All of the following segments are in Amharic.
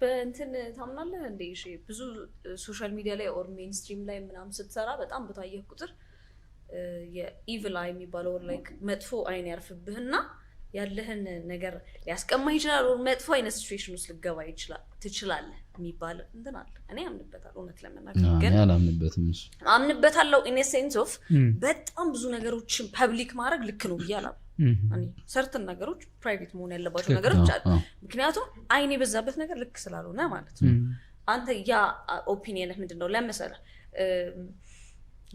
በእንትን ታምናለህ እንዴ? እሺ ብዙ ሶሻል ሚዲያ ላይ ኦር ሜንስትሪም ላይ ምናምን ስትሰራ በጣም በታየህ ቁጥር የኢቭል አይ የሚባለው ወር ላይክ መጥፎ አይን ያርፍብህና ያለህን ነገር ሊያስቀማ ይችላል። ወር መጥፎ አይነት ሲትዌሽን ውስጥ ልገባ ትችላለህ የሚባል እንትን አለ። እኔ አምንበታል፣ እውነት ለመናገር ግን አምንበታለሁ ኢን ሴንስ ኦፍ በጣም ብዙ ነገሮችን ፐብሊክ ማድረግ ልክ ነው ብዬ አላም ሰርተን ነገሮች ፕራይቬት መሆን ያለባቸው ነገሮች አሉ። ምክንያቱም አይን የበዛበት ነገር ልክ ስላልሆነ ማለት ነው። አንተ ያ ኦፒኒየንህ ምንድን ነው ለመሰለህ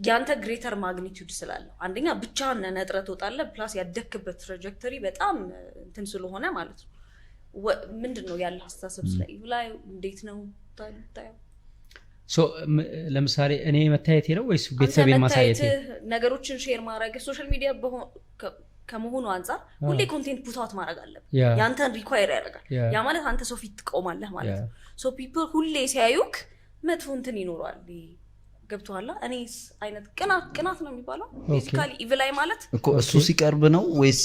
የአንተ ግሬተር ማግኒቱድ ስላለው አንደኛ ብቻ ነጥረ ትወጣለ ፕላስ ያደክበት ትራጀክተሪ በጣም እንትን ስለሆነ ማለት ነው። ምንድን ነው ያለ አስተሳሰብ ስለ ላይ እንዴት ነው ታየው? ለምሳሌ እኔ መታየቴ ነው ወይስ ቤተሰብ ማሳየት ነገሮችን ሼር ማድረግ ሶሻል ሚዲያ ከመሆኑ አንጻር ሁሌ ኮንቴንት ፑታውት ማድረግ አለብ የአንተን ሪኳየር ያደርጋል። ያ ማለት አንተ ሰው ፊት ትቆማለህ ማለት ነው። ሶ ፒፕል ሁሌ ሲያዩክ መጥፎ እንትን ይኖረዋል። ገብተኋላ እኔ አይነት ቅናት ቅናት ነው የሚባለው ቤዚካሊ ኢቭላይ ማለት እሱ ሲቀርብ ነው ወይስ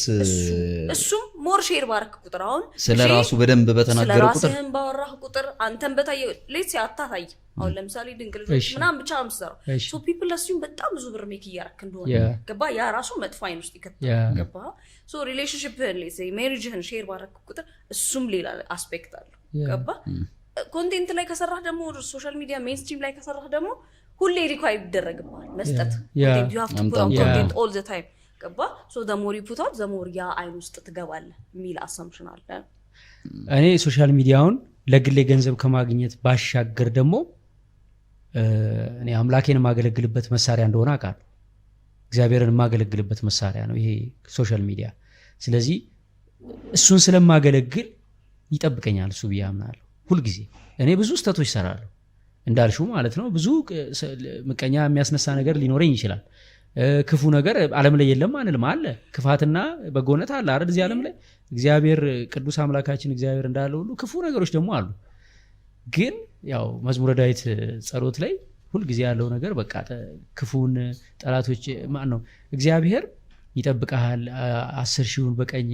እሱም ሞር ሼር ባረክ ቁጥር አሁን ስለ ራሱ በደንብ በተናገረ ቁጥር ባወራህ ቁጥር አንተን በታየ ሌት አታታይ። አሁን ለምሳሌ ድንግል ምናም ብቻ ምሰራ ሶ ፒፕል አስዩም በጣም ብዙ ብር ሜክ እያረክ እንደሆነ ገባ። ያ ራሱ መጥፎ አይን ውስጥ ይከታል። ገባ። ሶ ሪሌሽንሽፕህን ሜሪጅህን ሼር ባረክ ቁጥር እሱም ሌላ አስፔክት አለው። ገባ። ኮንቴንት ላይ ከሰራህ ደግሞ ሶሻል ሚዲያ ሜንስትሪም ላይ ከሰራህ ደግሞ ሁሌ ሪኳይር ይደረግብሃል መስጠት ኮንቴንት ዩ ሃቭ ቱ ፑት ኦን ኮንቴንት ኦል ዘ ታይም ገባ ዘሞሪ ፑታት ዘሞር ያ አይን ውስጥ ትገባለህ የሚል አሰምሽን አለ። እኔ ሶሻል ሚዲያውን ለግሌ ገንዘብ ከማግኘት ባሻገር ደግሞ እኔ አምላኬን የማገለግልበት መሳሪያ እንደሆነ አውቃለሁ። እግዚአብሔርን የማገለግልበት መሳሪያ ነው ይሄ ሶሻል ሚዲያ። ስለዚህ እሱን ስለማገለግል ይጠብቀኛል እሱ ብዬ አምናለሁ። ሁልጊዜ እኔ ብዙ ስተቶች ይሰራሉ እንዳልሽው ማለት ነው። ብዙ ምቀኛ የሚያስነሳ ነገር ሊኖረኝ ይችላል ክፉ ነገር አለም ላይ የለም አንልም። አለ ክፋትና በጎነት አለ አረ እዚህ ዓለም ላይ እግዚአብሔር ቅዱስ አምላካችን እግዚአብሔር እንዳለ ሁሉ ክፉ ነገሮች ደግሞ አሉ። ግን ያው መዝሙረ ዳዊት ጸሎት ላይ ሁልጊዜ ያለው ነገር በቃ ክፉን ጠላቶች ማን ነው? እግዚአብሔር ይጠብቀሃል፣ አስር ሺውን በቀኝ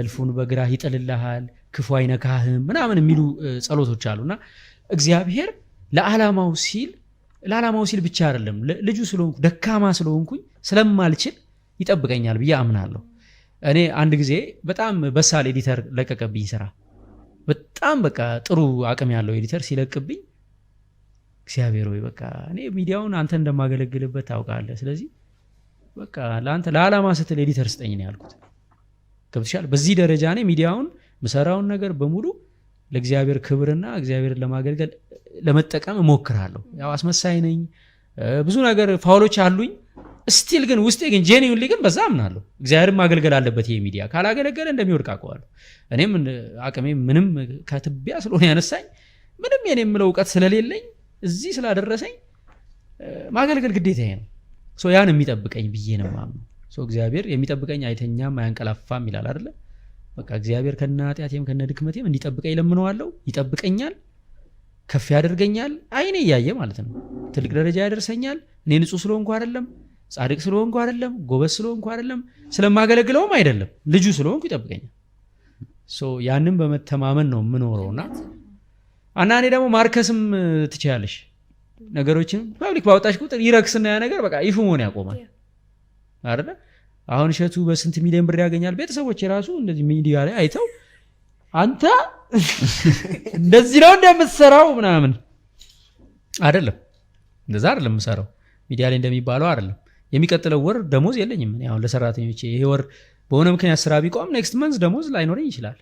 እልፉን በግራ ይጥልልሃል፣ ክፉ አይነካህም ምናምን የሚሉ ጸሎቶች እና እግዚአብሔር ለዓላማው ሲል ለዓላማው ሲል ብቻ አይደለም ልጁ ስለሆንኩ ደካማ ስለሆንኩኝ ስለማልችል ይጠብቀኛል ብዬ አምናለሁ። እኔ አንድ ጊዜ በጣም በሳል ኤዲተር ለቀቀብኝ ስራ። በጣም በቃ ጥሩ አቅም ያለው ኤዲተር ሲለቅብኝ እግዚአብሔር ወይ በቃ እኔ ሚዲያውን አንተ እንደማገለግልበት ታውቃለህ። ስለዚህ በቃ ለአንተ ለዓላማ ስትል ኤዲተር ስጠኝ ነው ያልኩት። ገብቶሻል? በዚህ ደረጃ እኔ ሚዲያውን ምሰራውን ነገር በሙሉ ለእግዚአብሔር ክብርና እግዚአብሔርን ለማገልገል ለመጠቀም እሞክራለሁ። ያው አስመሳይ ነኝ፣ ብዙ ነገር ፋውሎች አሉኝ። ስቲል ግን ውስጤ ግን ጄኒዩን ግን በዛ አምናለሁ። እግዚአብሔርም ማገልገል አለበት። ይሄ ሚዲያ ካላገለገለ እንደሚወድቅ አውቀዋለሁ። እኔም አቅሜ ምንም ከትቢያ ስለሆነ ያነሳኝ ምንም የኔ የምለው እውቀት ስለሌለኝ እዚህ ስላደረሰኝ ማገልገል ግዴታ ነው። ያን የሚጠብቀኝ ብዬ ነው ማም እግዚአብሔር የሚጠብቀኝ አይተኛም አያንቀላፋም ይላል አይደለ? በቃ እግዚአብሔር ከነ ኃጢአቴም ከነ ድክመቴም እንዲጠብቀኝ ለምነዋለው ይጠብቀኛል። ከፍ ያደርገኛል፣ አይኔ እያየ ማለት ነው። ትልቅ ደረጃ ያደርሰኛል። እኔ ንጹህ ስለሆንኩ አይደለም፣ ጻድቅ ስለሆንኩ አይደለም፣ ጎበዝ ስለሆንኩ አይደለም፣ ስለማገለግለውም አይደለም፣ ልጁ ስለሆንኩ ይጠብቀኛል። ያንን በመተማመን ነው የምኖረውና እኔ ደግሞ ማርከስም ትችያለሽ። ነገሮችን ፐብሊክ ባወጣሽ ቁጥር ይረክስና ያ ነገር በቃ ይፉ መሆን ያቆማል አይደለ? አሁን እሸቱ በስንት ሚሊዮን ብር ያገኛል። ቤተሰቦች የራሱ እንደዚህ ሚዲያ ላይ አይተው አንተ እንደዚህ ነው እንደምትሰራው ምናምን አይደለም። እንደዛ አይደለም የምሰራው ሚዲያ ላይ እንደሚባለው አይደለም። የሚቀጥለው ወር ደሞዝ የለኝም። አሁን ለሰራተኞች ይሄ ወር በሆነ ምክንያት ስራ ቢቆም ኔክስት መንዝ ደሞዝ ላይኖረኝ ይችላል።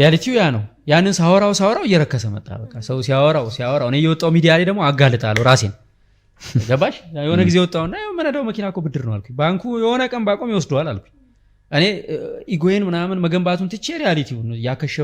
ሪያሊቲው ያ ነው። ያንን ሳወራው ሳወራው እየረከሰ መጣ። በቃ ሰው ሲያወራው ሲያወራው እኔ እየወጣው ሚዲያ ላይ ደግሞ አጋልጣለሁ ራሴን። ገባሽ? የሆነ ጊዜ ወጣውና የመነዳው መኪና ብድር ነው አልኩኝ። ባንኩ የሆነ ቀን ባቆም ይወስደዋል አልኩኝ። እኔ ኢጎዬን ምናምን መገንባቱን ትቼ ሪያሊቲውን ያከሸፉ